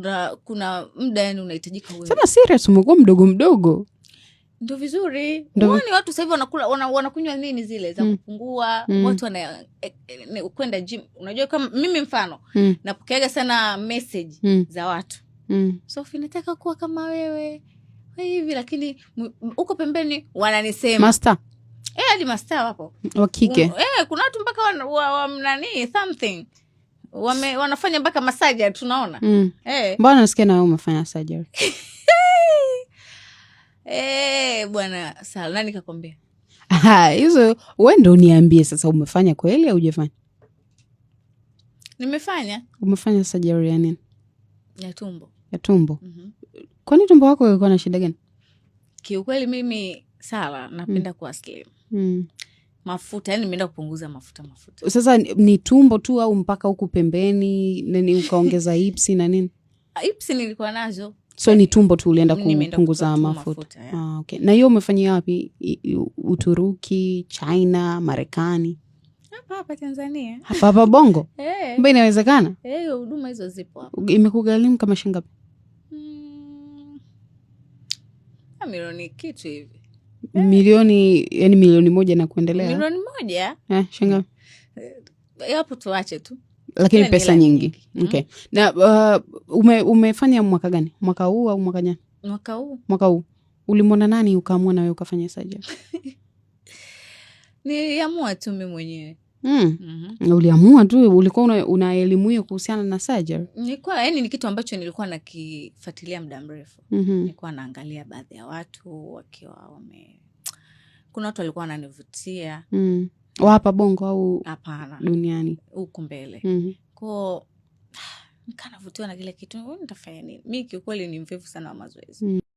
kuna, kuna mda yani unahitajika sema serious umekuwa mdogo mdogo ndo vizuri ni watu sahivi wanakunywa wana nini zile za mm. kupungua mm. watu wanakwenda e, eh, e, eh, kwenda unajua kama mimi mfano mm. napokeaga sana message mm. za watu mm. so nataka kuwa kama wewe hivi lakini huko pembeni wananisema eh, hadi e, masta wapo wakike mm, e, kuna watu mpaka wananii wa, wa, something wame, wanafanya mpaka masaja tunaona mm. hey. Eh. mbona nasikia nawe umefanya sajari hey, eh, bwana sala nani kakwambia hizo we ndo uniambie sasa umefanya kweli au ujafanya nimefanya umefanya sajari ya nini ya tumbo ya tumbo mm-hmm. kwani tumbo wako ulikuwa na shida gani kiukweli mimi sala napenda mm. kuwa slim mm mafuta yani nimeenda kupunguza mafuta mafuta. Sasa ni tumbo tu au mpaka huku pembeni nani ukaongeza ipsi na nini? Ah, ipsi nilikuwa nazo so ni tumbo tu ulienda kupunguza mafuta, mafuta Ah, okay. Na hiyo umefanyia wapi? Uturuki, China, Marekani? Hapa Tanzania, hapa hapa Bongo hey. Eh. Mba, inawezekana hey, eh, huduma hizo zipo imekugalimu kama shingapi hmm. Ah, milioni kitu hivi Eh. milioni yani milioni moja na kuendelea milioni moja eh, shanga eh, hapo tuache tu lakini Kila pesa nyingi, nyingi. Hmm? Okay. na uh, ume, umefanya mwaka gani mwaka huu au mwaka jana mwaka huu mwaka huu ulimwona nani ukaamua nawe ukafanya saja niliamua tu mi mwenyewe Mm. Mm-hmm. uliamua tu ulikuwa una, una elimu hiyo kuhusiana na surgery nilikuwa yani ni kitu ambacho nilikuwa nakifuatilia muda mrefu mm-hmm. nilikuwa naangalia baadhi ya watu wakiwa wame kuna watu walikuwa wananivutia mm. wahapa bongo au hapana duniani huku mbele mm-hmm. koo nikanavutiwa na kile kitu nitafanya nini mi kiukweli ni mvivu sana wa mazoezi mm.